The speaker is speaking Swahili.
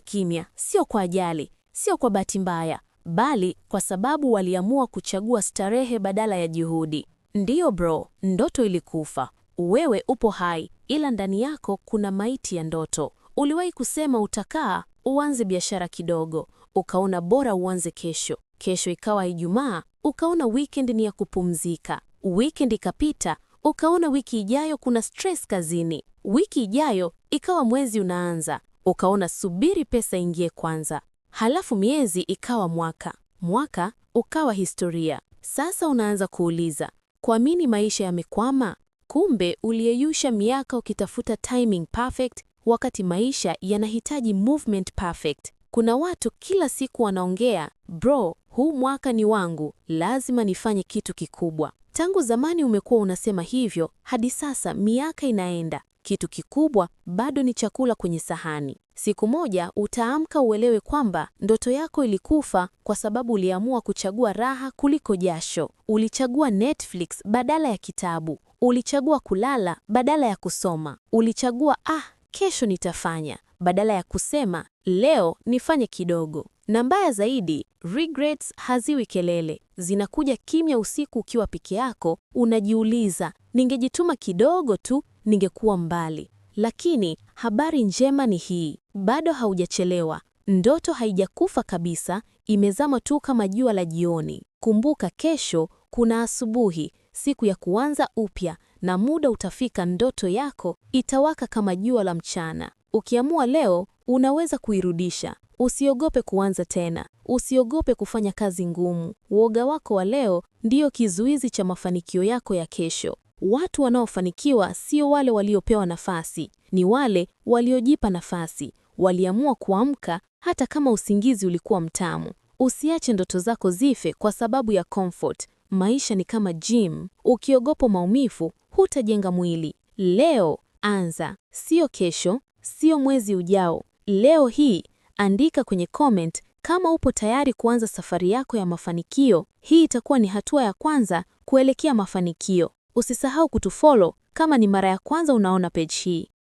kimya kimya, sio kwa ajali, sio kwa bahati mbaya, bali kwa sababu waliamua kuchagua starehe badala ya juhudi. Ndiyo bro, ndoto ilikufa, wewe upo hai, ila ndani yako kuna maiti ya ndoto. Uliwahi kusema utakaa uanze biashara kidogo, ukaona bora uanze kesho. Kesho ikawa Ijumaa, ukaona weekend ni ya kupumzika. Weekend ikapita, ukaona wiki ijayo kuna stress kazini. Wiki ijayo ikawa mwezi unaanza, ukaona subiri pesa ingie kwanza, halafu miezi ikawa mwaka, mwaka ukawa historia. Sasa unaanza kuuliza kwa nini maisha yamekwama? Kumbe uliyeyusha miaka ukitafuta timing perfect, wakati maisha yanahitaji movement perfect. Kuna watu kila siku wanaongea, bro, huu mwaka ni wangu, lazima nifanye kitu kikubwa. Tangu zamani umekuwa unasema hivyo, hadi sasa miaka inaenda, kitu kikubwa bado ni chakula kwenye sahani. Siku moja utaamka uelewe kwamba ndoto yako ilikufa kwa sababu uliamua kuchagua raha kuliko jasho. Ulichagua Netflix badala ya kitabu. Ulichagua kulala badala ya kusoma. Ulichagua ah kesho nitafanya, badala ya kusema leo nifanye kidogo. Na mbaya zaidi, regrets haziwi kelele, zinakuja kimya. Usiku ukiwa peke yako, unajiuliza, ningejituma kidogo tu, ningekuwa mbali. Lakini habari njema ni hii, bado haujachelewa. Ndoto haijakufa kabisa, imezama tu kama jua la jioni. Kumbuka, kesho kuna asubuhi, siku ya kuanza upya, na muda utafika, ndoto yako itawaka kama jua la mchana. Ukiamua leo, unaweza kuirudisha. Usiogope kuanza tena, usiogope kufanya kazi ngumu. Uoga wako wa leo ndiyo kizuizi cha mafanikio yako ya kesho. Watu wanaofanikiwa sio wale waliopewa nafasi, ni wale waliojipa nafasi, waliamua kuamka hata kama usingizi ulikuwa mtamu. Usiache ndoto zako zife kwa sababu ya comfort maisha ni kama gym. Ukiogopa maumivu, hutajenga mwili. Leo anza, sio kesho, sio mwezi ujao. Leo hii andika kwenye comment kama upo tayari kuanza safari yako ya mafanikio. Hii itakuwa ni hatua ya kwanza kuelekea mafanikio. Usisahau kutufollow kama ni mara ya kwanza unaona page hii.